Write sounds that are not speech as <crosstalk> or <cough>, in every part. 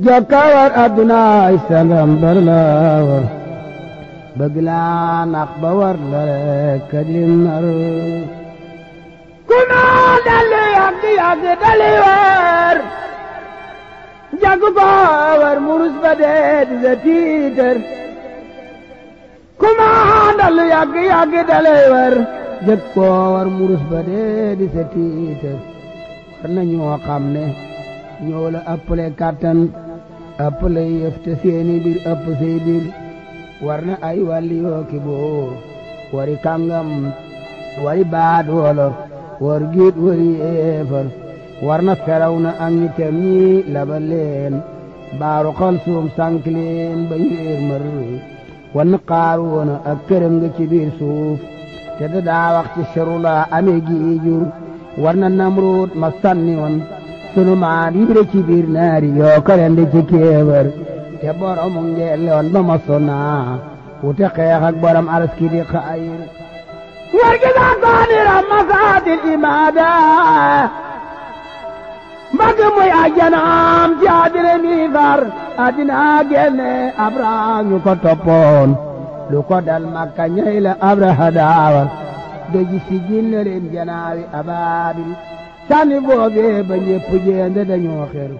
jokka war adduna istalam bar la war bëgg laa nax ba war la rekk di nar ku naa dalli yàgg yàgg dalli war ko war murus ba dee di sa tiitër ku naa dalli yàgg yàgg dalli war ko war murus ba dee di sa tiitër war na ñoo xam ne ñoo la kàttan app lay te seeni biir ëpp say biir war na ay wàlli yoo ki boo wari kàngam wari baat wolof war giit wari yeefar war na feraw na ak ñi tem ñi labal leen baaru xal suum sànk leen ba ñu réer mër war na xaaru woona ak këram nga ci biir suuf te da daa wax ci serula amee gi jur war na namruut ma sànni sunu maam yi de ci biir naari yoo ko leen di ci kéewër te borom ngeeloon ba ma sonaa wute xeex ak borom alaski di xayir war gi daa taanira masaadil imaada mbagg muy ajjanaam ci àddina mi far àddina génne abraam ñu ko toppoon lu ko dal makka ñey la abraha daawal doji si ginna leen janaawi abaabil sànni boobee ba ñëpp jéende dañoo xeru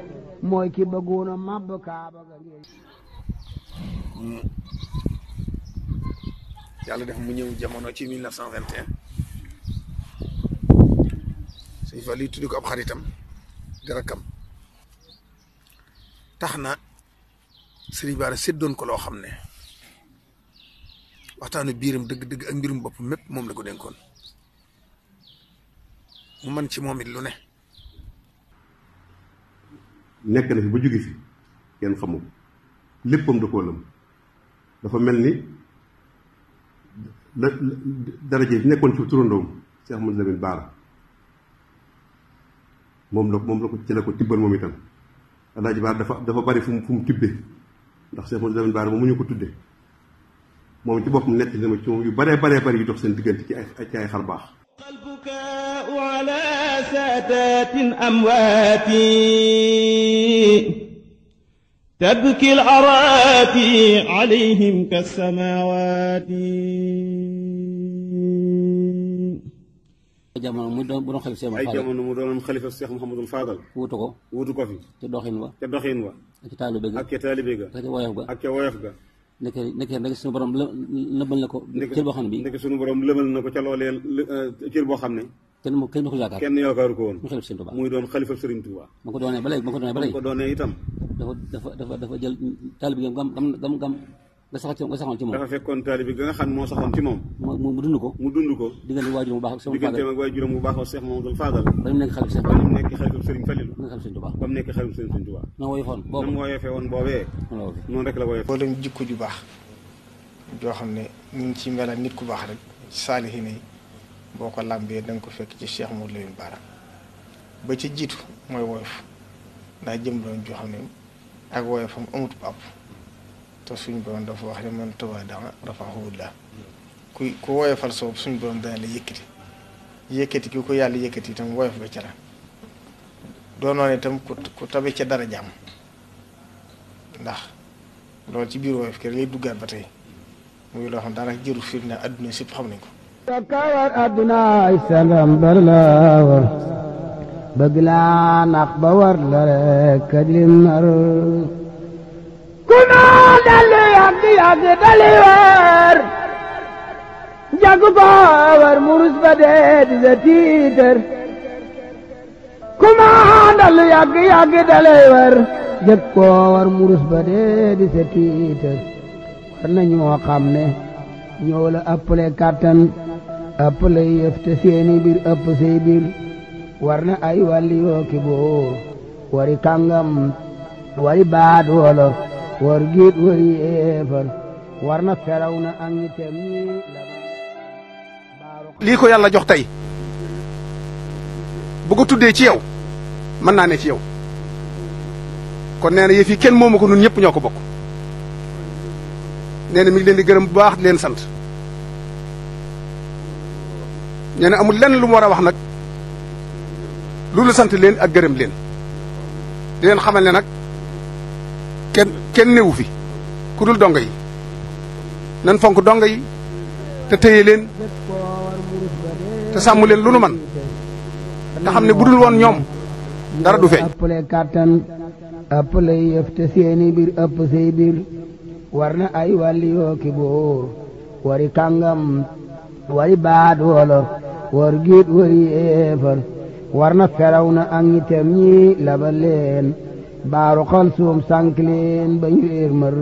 mooy ki bëggoon a màbb kaaba ga ngeen yàlla def mu ñëw jamono ci 1921 sëñ Fallou tudd ko ab xaritam garakam tax na Sëriñ Bara séddoon ko loo xam ne waxtaanu biiram dëgg-dëgg ak mbirum bopp mépp moom la ko dénkoon mu mën ci moom it lu ne. nekk na fi ba jóge fi kenn xamul léppam da koo lëm dafa mel ni la daraje bi nekkoon ci turandoom Cheikh Amadou Lamine Baara moom la moom la ko ci la ko tibbal moom itam Alaaji Baara dafa dafa bari fu mu fu mu tibbee ndax Cheikh Amadou Lamine Baara moom mu ñu ko tuddee moom ci boppam nekk na ma ci moom yu baree bare bari yu dox seen diggante ci ay ci ay xar baax. البكاء على سادات أمواتي تبكي الأراتي عليهم كالسماوات jamono mu doon bu doon xalifa Cheikh ay jamono mu doon xalifa Cheikh Mouhamadul Fadal wutu ko wutu ko fi te doxin wa te doxin wa ak ca taalibe ga ak ca taalibe ga ak ca woyof ga ak ca woyof ga nekk nekk rek borom lëbal na ko cër boo xam ne bi nekk suñu borom lëbal na ko ca euh, cër boo xam ne kenn mu kenn mu ko yaakaar kenn yaakaaru ko woon mu xalif sëriñ Touba muy doon xalifa sëriñ Touba ma doonee ba léegi ma doonee ba léegi ma doonee itam dafa dafa dafa jël taalibe bi gam gam gam nga saxal ci nga saxal ci moom dafa fekkoon taali bi ga nga xam ne moo saxoon ci moom mu dund ko mu dund ko diggante waajuram bu baax ak sama diggante ak waajuram bu baax ak Cheikh Mamadou Fadal ba mu nekk xalifa ba mu nekk xalifa Serigne Fallilou ba mu nekk xalifa Serigne Touba ba mu nekk xalifa Serigne Touba na woyofoon boobu na woyofee woon boobee noonu rek la woyof boo dem jikko ju baax joo xam ne ñu ngi ci melal nit ku baax rek ci saalihiin yi boo ko làmbee da nga ko fekk ci Cheikh Mamadou Lamine Bara ba ci jiitu mooy woyof ndax jëm loon joo xam ne ak woyofam amut bàpp te suñ borom dafa wax ne man tawaadaa rafaahullah ku ku woyofal sa suñ borom dana la yëkkati yëkkati ki ko yàlla yëkkati tam woyof ba ca la doonoon itam ku tabe ca dara jàmm ndax loolu ci biir woyof kër lay duggaat ba tey muy loo xam daanaka jëru firnde adduna si xam nañ ko. kawar war bëgg ba la rek lim nar. yàgg dali war njàgg ko war murus ba dee di sa tiitër ku ma àndal yàgg war njàgg war murus ba dee di sa tiitër war nañoo xam ne ñoo la ëppale kàttan ëppale yëf te seeni biir ëpp say biir war na ay wàlli yoo ki boo wari kàngam wari baat wolof war giit wari yeefar war na feraw na lii ko yàlla jox tey bu ko tuddee ci yow mën naa ne ci yow kon nee na yëf yi kenn moomu ko nun ñëpp ñoo ko bokk nee na mi leen di gërëm bu baax leen sant nee amul lenn lu war a wax nag loolu sant leen ak gërëm leen di leen xamal ne nag kenn kenn newu fi ku dul dongo yi nan fonk donga yi te téye leen te sàmm leen lu nu man te xam ne bu dul woon ñoom dara du feeñ ëpple kàttan ëpple yëf te seeni biir ëpp say biir war na ay wàlli yoo ki bóor wari kàngam wari baat wolof war giit wari yéefar war na feraw na ak tem ñi laba leen baaru xal suum sànk leen ba réer mër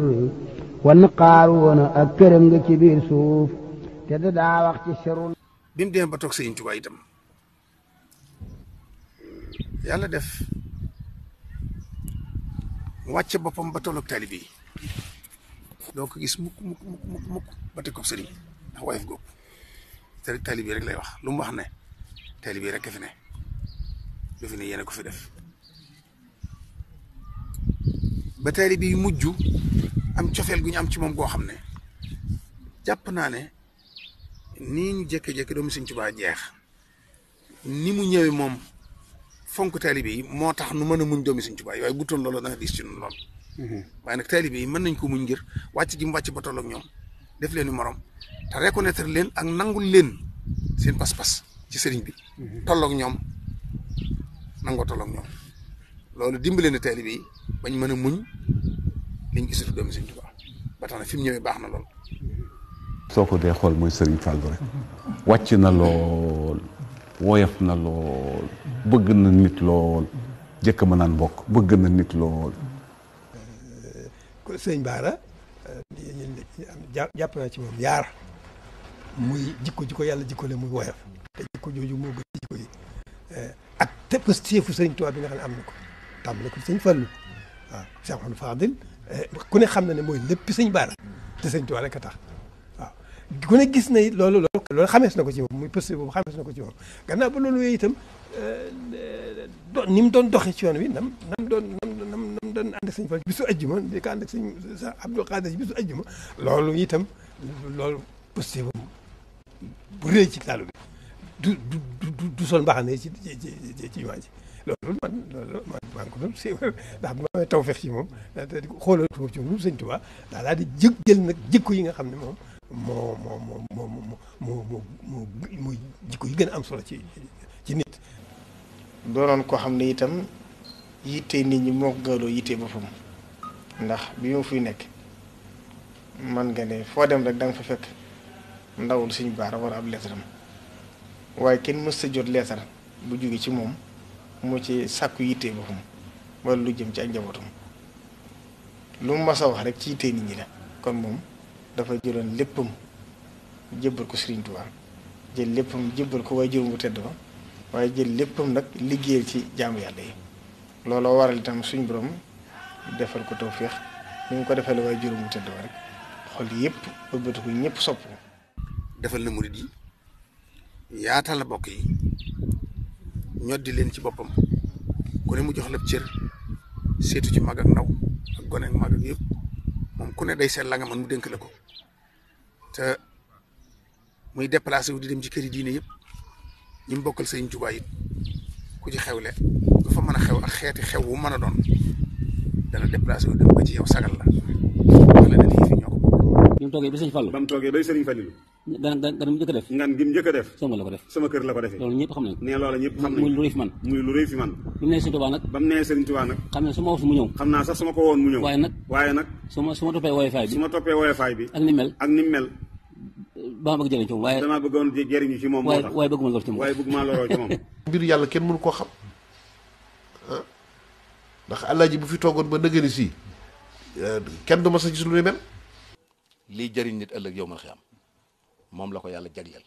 wan xaaruuna ak këram nga ci biir suuf te daa wax ci serul bi mu ba toog Sëriñ Tuubaa itam yàlla def wàcce boppam ba tolloog taalibe yi doo ko gis mukk mukk mukk mukk ba teg ko sëriñ ndax woyof góob te taalibe yi rek lay wax lu mu wax ne taalibe rek a fi ne lu fi ne yéen a def ba taalibe yi am cofeel gu ñu am ci moom goo xam ne jàpp naa ne nii ñu jékki-jékki doomu Sëñ Tuubaa jeex ni mu ñëwee moom fonk taalibe yi moo tax nu mën a muñ doomu Sëñ Tuubaa waaye bu toon loolu dana diis ci noonu lool. Mhm. waaye nag taalibe yi mën nañ ko muñ ngir wàcc gi mu wàcc ba tolloog ñoom def leen i morom te reconnaître leen ak nangul leen seen pas-pas ci sëriñ bi. Mhm. tolloog ñoom nangoo tolloog ñoom loolu dimbale na taalibe yi bañ mën a muñ. nañ gisatu doomi Sëriñ Tuubaa ba tax na fi mu ñëwee baax na lool. soo ko dee xool mooy Sëriñ Fàllu rek wàcc na lool woyof na lool bëgg na nit lool jëkk ma naan bokk bëgg na nit lool. sëñ Baara jàpp naa ci moom yaar muy jikko jikko yàlla jikkole muy woyof te jikko jooju moo gën jikko yi eh, ak te pëstéefu sëriñ Tuubaa bi nga xam ne am na ko tàmbale ko sëñ Fallu waaw Cheikh Mouhamadou Fadil ku ne xam na ne mooy lépp sëñ baara te sëñ Tuubaa rek a tax waaw gis na it loolu loolu loolu xamees na ko ci moom muy pëste boobu xamees na ko ci moom gannaaw ba loolu wéy itam euh, ni mu doon doxee ci yoon wi nam nam doon nam nam doon ànd ak sëñ Fall bisu ajjuma di ko ànd ak sëñ Abdou Khadir bisu ajjuma loolu itam loolu pëste bu rëy ci taalu bi du du du sol mbaxane ci ci ci ci ci loolu man loolu man maa ngi ko doon siiw ndax bu ma tawfeex ci moom te di ko xoolatuma ci moom sëñ Tuubaa daa daal di jëg jël nag jikko yi nga xam ne moom moo moo moo moo moo moo moo moo jikko yi gën a am solo ci ci nit doonoon koo xam ne itam yitte nit ñi moo gëloo yitte boppam ndax bi ma fuy nekk man nga ne foo dem rek da nga fa fekk ndawul suñu baara war ab leetaram waaye kenn mës sa jot leetar bu jóge ci moom mu ci sàkku yittee boppam wala lu jëm ci ak njabootam lu mu a wax rek ci yittee nit ñi la kon moom dafa jëloon léppam jébbal ko Serigne Touba jël léppam jébbal ko waaye juróom bu tedd ba waaye jël léppam nag liggéeyal ci jaamu yàlla yi looloo waral itam suñ borom defal ko tawféex ni mu ko defal waaye juróom bu tedd ba rek xol yëpp ëbbatu ko ñëpp sopp ko defal na murid yi yaatal la bokk yi ñoddi leen ci boppam ku ne mu jox la cër seetu ci mag ak ndaw ak gone ak mag ak moom ku ne day seet la nga mën mu dénk la ko te muy déplacé wu di dem ci kër yi diine yëpp ñi mu bokkal sëñ Tuubaa it ku ci xewle dafa mën a xew a xeeti xew wu mën a doon dana déplacé wu dem ba ci yow sagal la wax la ne lii fi ñoo ko. bi toogee ba sëñ Fallou. gan gan gan mu njëkk a def ngan gi mu njëkk a def sama la ko def sama kër la ko defee loolu ñëpp xam nañ ne loola ñëpp xam nañ muy lu rëy fi man muy lu rëy fi man bi mu nee Sëriñ Tuubaa nag ba mu nee Sëriñ Tuubaa nag xam ne su ma woon mu ñëw xam naa sax su ma ko woon mu ñëw waaye nag waaye nag su ma su ma toppee woyofaay bi su ma toppee woyofaay bi ak ni mel ak ni mel ba ma bëgg jëriñ ci moom waaye damaa bëggoon jëriñu ci moom moo tax waaye bëgguma lor ci moom waaye bëgguma loroo ci moom <laughs> mbiru yàlla kenn mënu koo xam ah. ndax Alaaji bu fi toogoon ba nëgëni si eh, kenn du ma sa gis lu ni mel lii jëriñ nit ëllëg yow ma xiyam moom la ko yàlla jagleel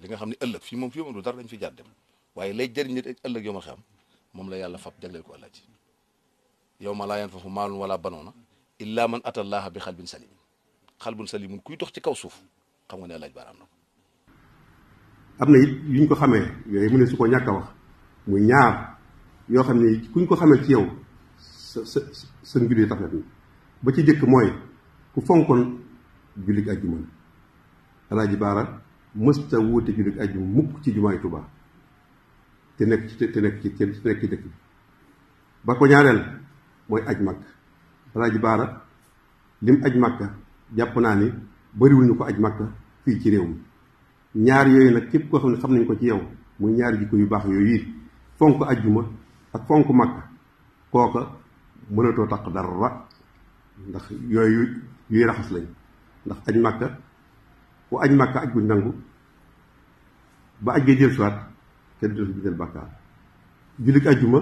li nga xam ne ëllëg fii moom fii dara dañ fi jaar dem waaye lay jëriñ nit ëllëg yoo ma xam moom la yàlla fab jagleel ko ëllëg yow ma laa yan foofu maalun wala banoona illa man ata allaha bi xalbin salim xalbun salim kuy dox ci kaw suuf xam nga ne laaj baaraam na ko am na it yuñ ko xamee yooyu mu ne su ko ñàkk a wax muy ñaar yoo xam ne kuñ ko xamee ci yow sa sa sa tax na ba ci jëkk mooy ku fonkoon jullit alaaji baara mësta wóote jullit ajjuma mukk ci jumaay Tuubaa te nekk ci te nekk ci te nekk ci dëkk bi ba ko ñaareel mooy aj makk alaaji baara lim aj makka jàpp naa ni bariwul ñu ko aj makka fii ci réew mi ñaar yooyu nag képp koo xam ne xam nañ ko ci yow muy ñaar jikko yu baax yooyu it fonk ajjuma ak fonk makka kooka mënatoo taq dara ndax yooyu yuy raxas lañ ndax aj makka ku aj màkka aj bu nangu ba aj ngay jël siwaat kenn dootu bindal bàkkaar jullit ajjuma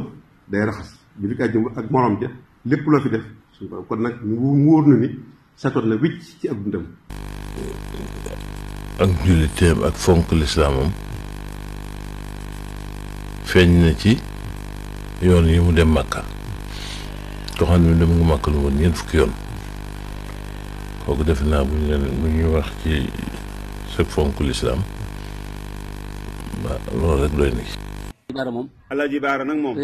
day raxas jullit ajjuma ak morom ja lépp loo fi def suñu kon nag mu wóor na ni satoon na wicc ci ab dundam ak julliteem ak feeñ na ci yoon yi dem màkka ko xam ne dem nga màkka lu naa bu ñu leen bu ñuy wax ci rek fonk lislaam waaw loolu rek doy na ci. Baara moom. Alaaji Baara nag moom.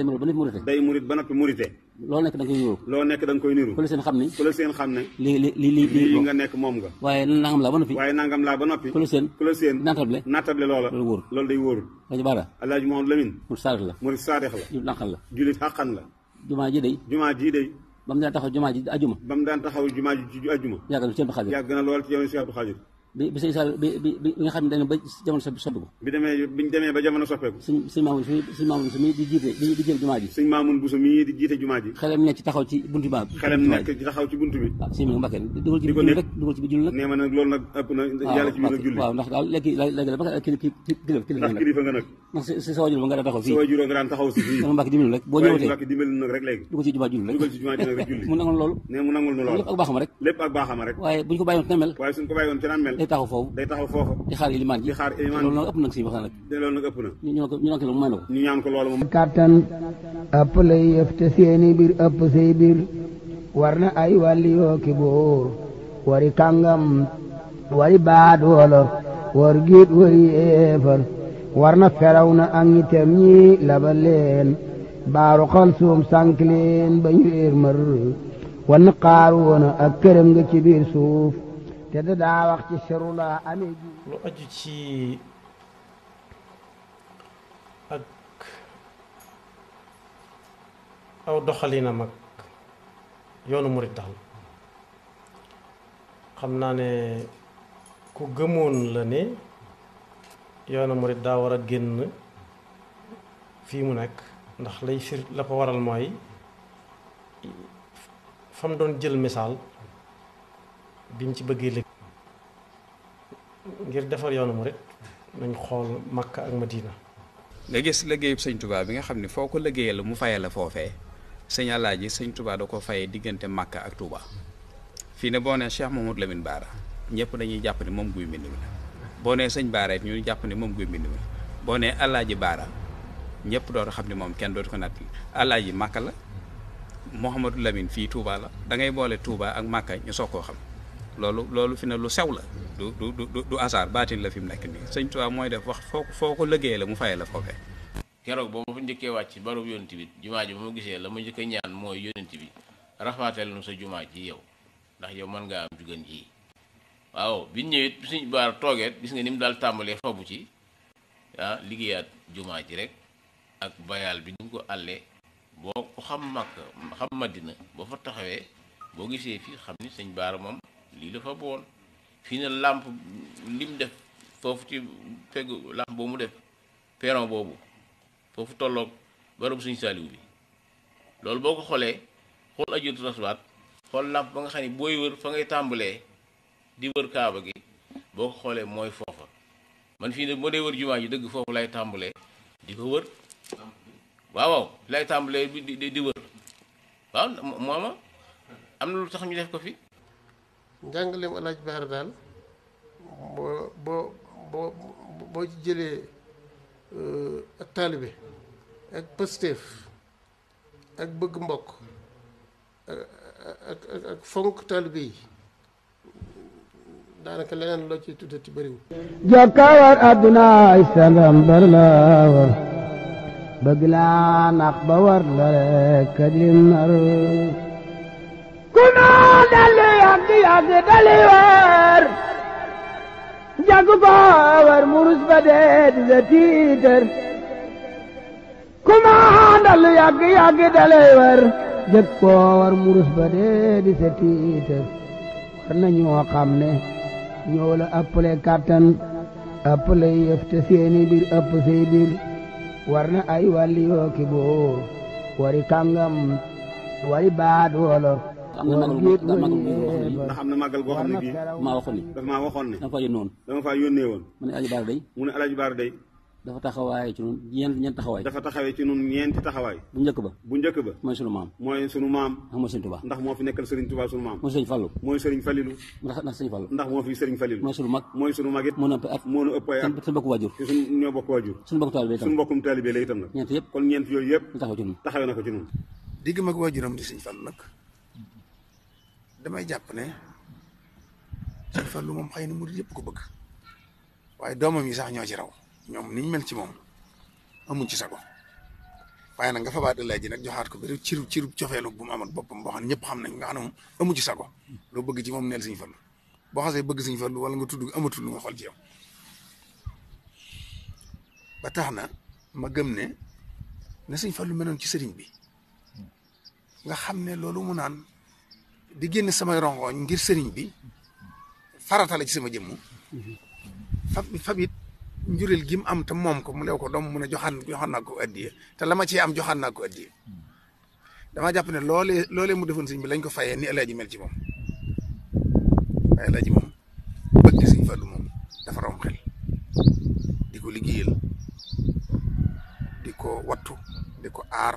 day murit ba noppi murite. day loo nekk da nga koy niru. nekk da koy niru. ku la seen xam ni. ku la seen xam ne. lii lii lii lii nga nekk moom nga. waaye nangam laa ba noppi. waaye nangam laa ba noppi. ku la seen. ku la seen naatable. naatable loola. loolu wóorul loolu day wóorul. Alaaji Baara. Alaaji Mohamed Lamine. murit saadix la. murit saadix la. julit lànqal la. la. jumaa ji day. jumaa ji day. ba mu daan taxaw jumaa ji ajuma. ba mu daan taxaw jumaa ji ajuma. yàgg na lool ci yoonu Cheikh Abdou Khadir bi bi sëñ bi nga xam ne dañu ba jamono soppeeku. bi demee bi ñu demee ba jamono soppeeku. suñ suñ maamun suñ suñ maamun su mii di jiite di di jël jumaa ji. suñ maamun bu su mii di jiite jumaa ji. xelam nekk ci taxaw si sa ah, ah, ba nga dugal ci jumaa julli mu nangul loolu. nee mu nangul loolu lépp ak baaxam rek. lépp ak baaxam rek. waaye buñ ko bàyyi woon te mel. waaye suñ ko bàyyi woon te mel day taxaw foofu day taxaw foofu di xaar ilimaan ji di xaar ilimaan loolu na ay wàlli yoo ki bóor wari kàngam wari baat wolof war giit wari yéefar war na feraw na ak ñi tem ñi labal leen baaru xal suum sànk leen ba mër war na ak këram nga suuf te du daa wax ci seru laa amee ji lu aju ci ak aw doxalinam mag yoonu murit daal xam naa ne ku gëmoon la ne yoonu murit daa war a génn fii mu nekk ndax lay fir la ko waral mooy fam doon jël misaal bi mu ci bëggee ngir defar yoonu murit nañ xool Makka ak Madina. nga gis liggéeyub sëñ Touba bi nga xam ne foo ko liggéeyee la mu fayee la foofee sëñ Alaaji sëñ Touba da ko fayee diggante Makka ak Touba fii ne boo nee Cheikh Mamadou Lamine Baara ñëpp dañuy jàpp ne moom guy mbind mi boo nee sëñ Baara ñu jàpp ne moom guy mbind mi boo nee Alaaji Baara ñëpp dootu xam ne moom kenn dootu ko natt Alaaji makk la Mouhamadou Lamine fii Touba la da ngay boole Touba ak Makka ñu soog koo xam. loolu loolu fi na lu sew la du du du du hasard baatin la fi mu nekk nii sëñ Tuubaa mooy def wax foo ko foo ko liggéeyee la mu fayee la foofee. keroog ba ma fa njëkkee wàcc barab yonent bi jumaa ji ba ma gisee la ma njëkk a ñaan mooy yonent bi rafaateel nu sa jumaa ji yow ndax yow man ngaa am ju gën ji waaw bi ñëwit bi suñ baar toogeet gis nga ni mu daal tàmbalee fabu ci ah liggéeyaat jumaa ji rek ak bayaal bi ni ko àllee boo ko xam màkk xam madina boo fa taxawee boo gisee fii xam ni sëñ baar moom lii la fa boon fii ne làmp lim def foofu ci fegu làmp boobu mu def peron boobu foofu tolloog barabu suñu saaliw bi loolu boo ko xoolee xool ajurtu raswaat xol làmp ba nga xam ne booy wër fa ngay tàmbalee di wër kaaba gi boo ko xoolee mooy foofa man fii ne moo dee wër jumaa ji dëgg foofu lay tàmbalee di ko wër waaw waaw lay tàmbalee di di wër waaw mooma am na lu tax ñu def ko fi njàngaleem alaaj baara daal boo boo boo boo ci jëlee euh, ak taalibe ak pësteef ak bëgg mbokk ak ak ak fonk taalibe yi daanaka leneen loo ciy tuddati bëriwul. jokkawaat àdduna ay sangam bar war bëgg laa nax ba war la rek lim ku ma dal ak dali waar jagu ko war murus ba dee di la tiitër ku ma àndal yàgg yàgg war jëg koo war murus ba dee di sa tiitër war na ñoo xam ne ñoo la ëppale kàttan ëppale yëf te seeni biir ëpp say biir war na ay wàlli yoo ki boo wari kàngam wari baat wolof am na màggal goo am na màggal goo xam ne maa waxoon ni dafa maa waxoon ne dama fa yónnee woon dama faa yónnee woon mu ne Alaaji Baara day mu ne Alaaji Baara day dafa taxawaay ci ñun ñeent taxawee ci ñun ñeenti taxawaay bu njëkk ba bu njëkk ba mooy moo fi nekkal sëriñ Tuubaa sunu maam mooy sëriñ Fallu mooy sëriñ Falilu ndax ndax sëriñ moo fi sëriñ Falilu mooy sunu mag mooy sunu mag it moo ëpp at moo nu ëpp ay at suñu bokk waajur a ñoo bokk waajur di sëriñ Fallu nag damay jàpp ne Sëñ Fallu moom xëy na murid yëpp ko bëgg waaye doomam yi sax ñoo ci raw ñoom niñ mel ci moom amuñ ci sago waaye na nga fa baat lay nag joxaat ko bi cirub cirub cofeelu bu mu amat boppam boo xam ne ñëpp xam nañ nga xam ne amu ci sago loo bëgg ci moom neel Sëñ Fallu boo xasee bëgg Sëñ Fallu wala nga tudd amatul lu nga xool ci yow tax na ma gëm ne na Sëñ Fallu meloon ci sëriñ bi loolu mu naan di génn samay rongoñ ngir sëriñ bi farata la ci sama jëmm fab fab it njureel gi mu am te moom ko mu lew ko doom mu a joxaan joxaan naa ko addiya te la ma ci am joxaan naa ko addiya damaa jàpp ne loolee loolee mu defoon sëriñ bi lañ ko fayee ni alaaji mel ci moom waaye alaaji moom bëgg sëriñ Fallu moom dafa rom di ko liggéeyal di ko wattu di ko aar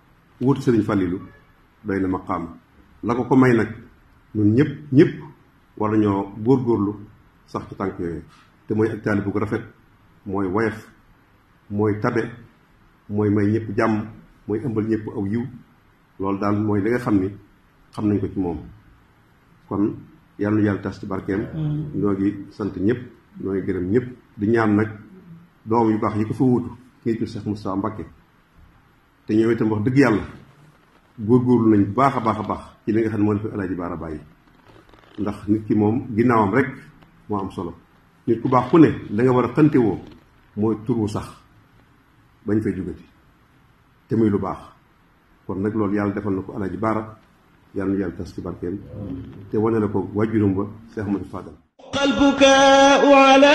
wutu sëriñ Falilu doy na maqaam la ko ko may nag ñun ñëpp ñëpp war nañoo góorlu sax ci tànk yooyu te mooy ak taalibe bu ko rafet mooy woyof mooy tabe mooy may ñëpp jàmm mooy ëmbal ñëpp aw yiw loolu daal mooy li nga xam ni xam nañ ko ci moom kon yàlla nu yàlla tas ci barkeem ñoo ngi sant ñëpp ñoo ngi gërëm ñëpp di ñaan nag doom yu baax yi ko fa wuutu kii ci Cheikh Moustapha Mbacké te yow itam wax dëgg yàlla góorgóorlu nañ baax a baax a baax ci li nga xam ne moo def alaaji baara bàyyi ndax nit ki moom ginnaawam rek moo am solo nit ku baax ku ne da war a xante woo mooy wu sax bañ fay jugati te muy lu baax kon nag loolu yàlla defal na ko alaaji baara yàlla nu yàlla tas ci barkeem te wane la ko waajuram ba Seex Ahmadu Fadal البكاء على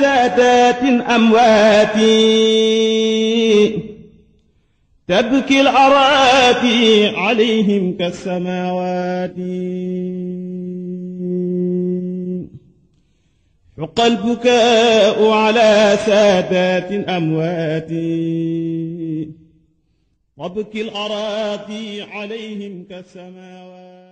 سادات أمواتي تبكي الأرات عليهم كالسماوات حق البكاء على سادات أموات تبكي الأرات عليهم كالسماوات